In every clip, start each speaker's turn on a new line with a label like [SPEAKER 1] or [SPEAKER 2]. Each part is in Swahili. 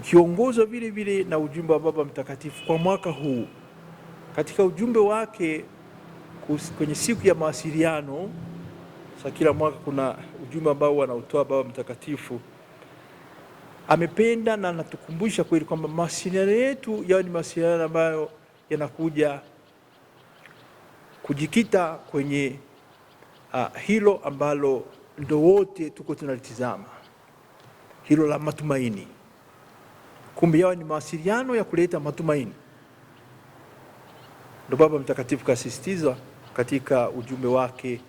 [SPEAKER 1] tukiongozwa vile vile na ujumbe wa Baba Mtakatifu kwa mwaka huu. Katika ujumbe wake kwenye siku ya mawasiliano, sa kila mwaka kuna ujumbe ambao wanautoa Baba Mtakatifu, amependa na anatukumbusha kweli kwamba mawasiliano yetu yawe ni mawasiliano ambayo yanakuja kujikita kwenye uh, hilo ambalo ndo wote tuko tunalitizama, hilo la matumaini kumbe yao ni mawasiliano ya kuleta matumaini. Ndo Baba Mtakatifu kasisitiza katika ujumbe wake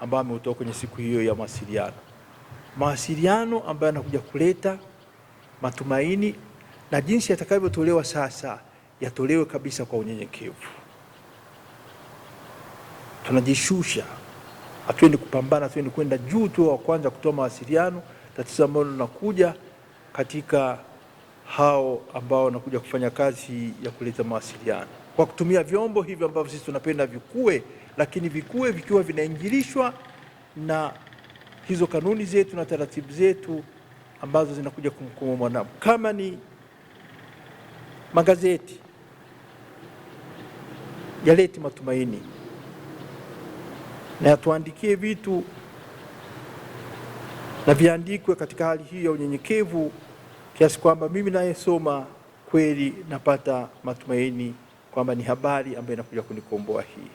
[SPEAKER 1] ambao ameutoa kwenye siku hiyo ya mawasiliano, mawasiliano ambayo anakuja kuleta matumaini na jinsi yatakavyotolewa sasa, yatolewe kabisa kwa unyenyekevu. Tunajishusha, hatuendi kupambana, hatuendi kwenda juu tu wa kwanza kutoa mawasiliano. Tatizo ambalo linakuja katika hao ambao wanakuja kufanya kazi ya kuleta mawasiliano kwa kutumia vyombo hivyo ambavyo sisi tunapenda vikue, lakini vikue vikiwa vinaingilishwa na hizo kanuni zetu na taratibu zetu ambazo zinakuja kumkuma mwanadamu. Kama ni magazeti yaleti matumaini na yatuandikie vitu na viandikwe katika hali hii ya unyenyekevu kiasi kwamba mimi nayesoma kweli napata matumaini kwamba ni habari ambayo inakuja kunikomboa. Hii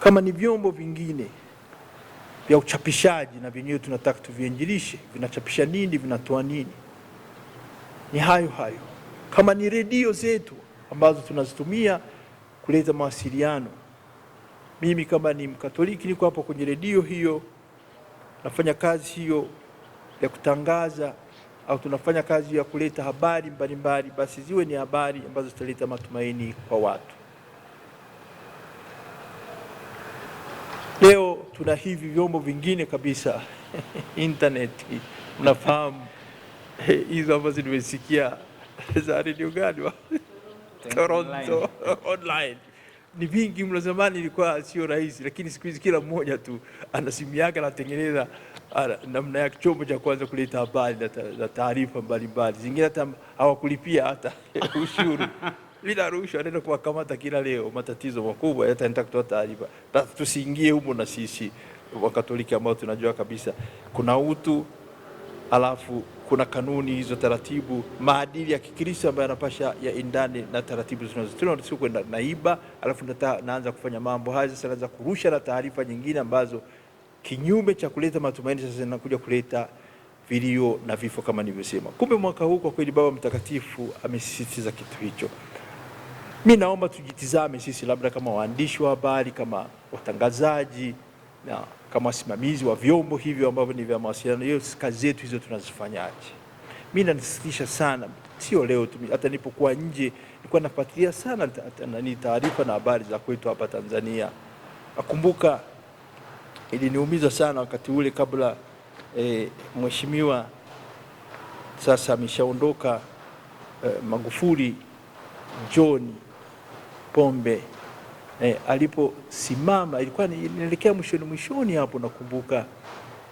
[SPEAKER 1] kama ni vyombo vingine vya uchapishaji, na vyenyewe tunataka tuviinjilishe, vinachapisha nini, vinatoa nini? Ni hayo hayo. Kama ni redio zetu ambazo tunazitumia kuleta mawasiliano, mimi kama ni Mkatoliki niko hapo kwenye redio hiyo, nafanya kazi hiyo ya kutangaza au tunafanya kazi ya kuleta habari mbalimbali, basi ziwe ni habari ambazo zitaleta matumaini kwa watu. Leo tuna hivi vyombo vingine kabisa internet, mnafahamu hizo ambazo zimesikia za redio gani
[SPEAKER 2] Toronto
[SPEAKER 1] online ni vingi mlo. Zamani ilikuwa sio rahisi, lakini siku hizi kila mmoja tu ana simu yake, anatengeneza namna ya chombo cha kwanza kuleta habari na taarifa mbalimbali. Zingine hata hawakulipia hata ushuru bila rushwa, anaenda kuwakamata kila leo. Matatizo makubwa hata kutoa taarifa, tusiingie humo na sisi Wakatoliki ambao tunajua kabisa kuna utu alafu kuna kanuni hizo, taratibu, maadili ya Kikristo ambayo yanapasha indani na taratibu zinazotunaruhusu kwenda naiba, alafu nata, naanza kufanya mambo haya sasa, naanza kurusha na taarifa nyingine ambazo kinyume cha kuleta matumaini sasa zinakuja kuleta vilio na vifo kama nilivyosema. Kumbe mwaka huu kwa kweli Baba Mtakatifu amesisitiza kitu hicho. Mi naomba tujitizame sisi, labda kama waandishi wa habari, kama watangazaji na kama wasimamizi wa vyombo hivyo ambavyo ni vya mawasiliano, hiyo kazi zetu hizo tunazifanyaje? Mi nanisikitisha sana, sio leo tu, hata nilipokuwa nje nilikuwa nafuatilia sana ni taarifa na habari za kwetu hapa Tanzania. Nakumbuka iliniumiza sana wakati ule kabla e, mheshimiwa sasa ameshaondoka e, Magufuli John Pombe eh, aliposimama ilikuwa inaelekea mwishoni mwishoni hapo, nakumbuka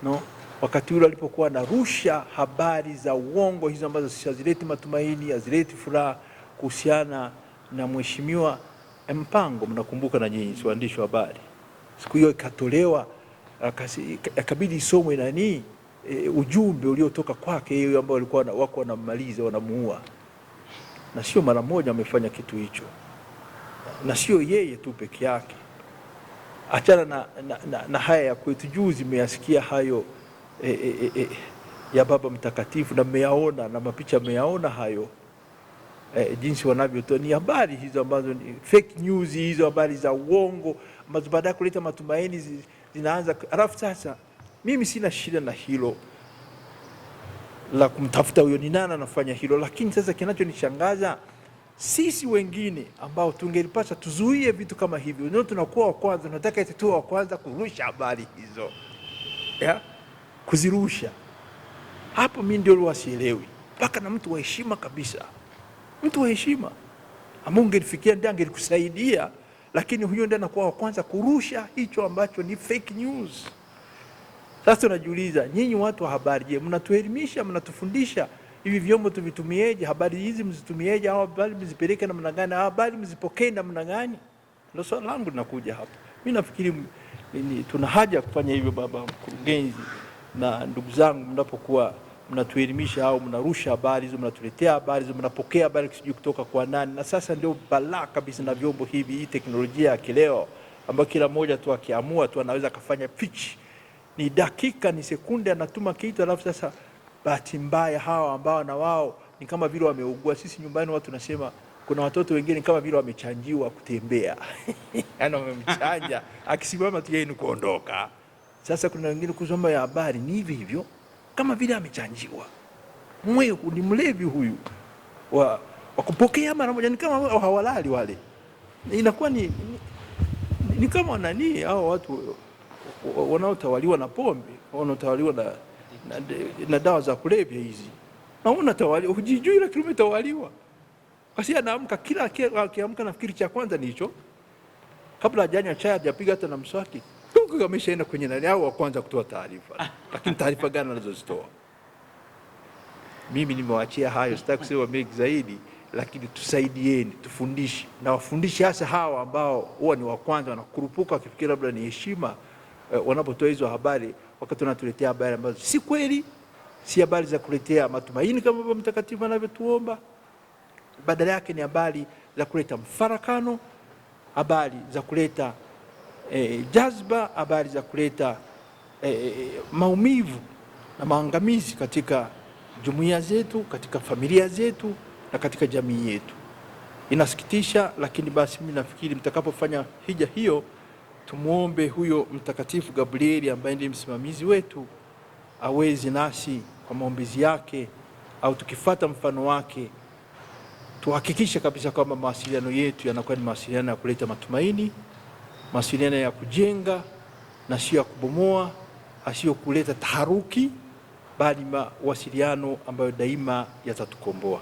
[SPEAKER 1] no, wakati ule alipokuwa anarusha habari za uongo hizo ambazo hazileti matumaini, hazileti furaha kuhusiana na mheshimiwa Mpango, mnakumbuka na nyinyi waandishi wa habari. Siku hiyo ikatolewa, akabidi isomwe nani e, eh, ujumbe uliotoka kwake yeye ambao walikuwa wako wanamaliza wanamuua, na sio mara moja amefanya kitu hicho na sio yeye tu peke yake. Achana na, na, na, na haya ya kwetu. Juzi mmeyasikia hayo e, e, e, ya Baba Mtakatifu na mmeyaona na mapicha mmeyaona hayo e, jinsi wanavyotoa ni habari hizo ambazo ni fake news, hizo habari za uongo ambazo baadaye kuleta matumaini zinaanza. Alafu sasa mimi sina shida na hilo la kumtafuta huyo ni nani anafanya hilo, lakini sasa kinachonishangaza sisi wengine ambao tungelipata tuzuie vitu kama hivyo, ndio tunakuwa wa kwanza, tunataka eti tuwe wa kwanza kurusha habari hizo yeah? Kuzirusha hapo, mi ndio wasielewi, mpaka na mtu wa heshima kabisa, mtu wa heshima ambao ungelifikia ndio angelikusaidia, lakini huyo ndio anakuwa wa kwanza kurusha hicho ambacho ni fake news. Sasa unajiuliza, nyinyi watu wa habari, je, mnatuelimisha mnatufundisha hivi vyombo tuvitumieje? Habari hizi mzitumieje? Au habari mzipeleke namna gani? Au habari mzipokee namna gani? Ndio swali langu linakuja hapa. Mimi nafikiri tuna haja ya kufanya hivyo, baba mkurugenzi na ndugu zangu, mnapokuwa mnatuelimisha au mnarusha habari hizo, mnatuletea habari hizo, mnapokea habari sijui kutoka kwa nani. Na sasa ndio balaa kabisa na vyombo hivi, hii teknolojia ya kileo ambayo kila mmoja tu akiamua tu anaweza akafanya pitch, ni dakika ni sekunde, anatuma kitu alafu sasa bahati mbaya hawa ambao na wao ni kama vile wameugua. Sisi nyumbani watu tunasema kuna watoto wengine kama vile wamechanjiwa kutembea yani wamemchanja akisimama tu yeye ni kuondoka. Sasa kuna wengine kusoma ya habari ni hivi hivyo, kama vile amechanjiwa. Mwehu ni mlevi huyu wa, wa kupokea mara moja, ni kama hawalali wale, inakuwa ni, ni, ni kama nani hao watu wanaotawaliwa na pombe wanaotawaliwa na na, na dawa za kulevya hizi, naona tawali hujijui, lakini umetawaliwa. Kasi anaamka kila akiamka, nafikiri cha kwanza ni hicho, kabla hajanywa chai, hajapiga hata na mswaki, kuko ameshaenda kwenye nani au wa kwanza kutoa taarifa. Lakini taarifa gani anazozitoa? Mimi nimewaachia hayo, sitaki kusema mengi zaidi, lakini tusaidieni, tufundishe na wafundishe, hasa hawa ambao huwa ni wa kwanza wanakurupuka wakifikiri labda ni heshima eh, wanapotoa hizo habari wakati wanatuletea habari ambazo si kweli, si habari za kuletea matumaini kama Baba Mtakatifu anavyotuomba. Badala yake ni habari za kuleta mfarakano, habari za kuleta eh, jazba, habari za kuleta eh, maumivu na maangamizi katika jumuiya zetu, katika familia zetu na katika jamii yetu. Inasikitisha, lakini basi mimi nafikiri mtakapofanya hija hiyo Tumwombe huyo mtakatifu Gabrieli ambaye ndiye msimamizi wetu awezi nasi kwa maombezi yake au tukifata mfano wake tuhakikishe kabisa kwamba mawasiliano yetu yanakuwa ni mawasiliano ya kuleta matumaini, mawasiliano ya kujenga na sio ya kubomoa, asiyo kuleta taharuki, bali mawasiliano ambayo daima yatatukomboa.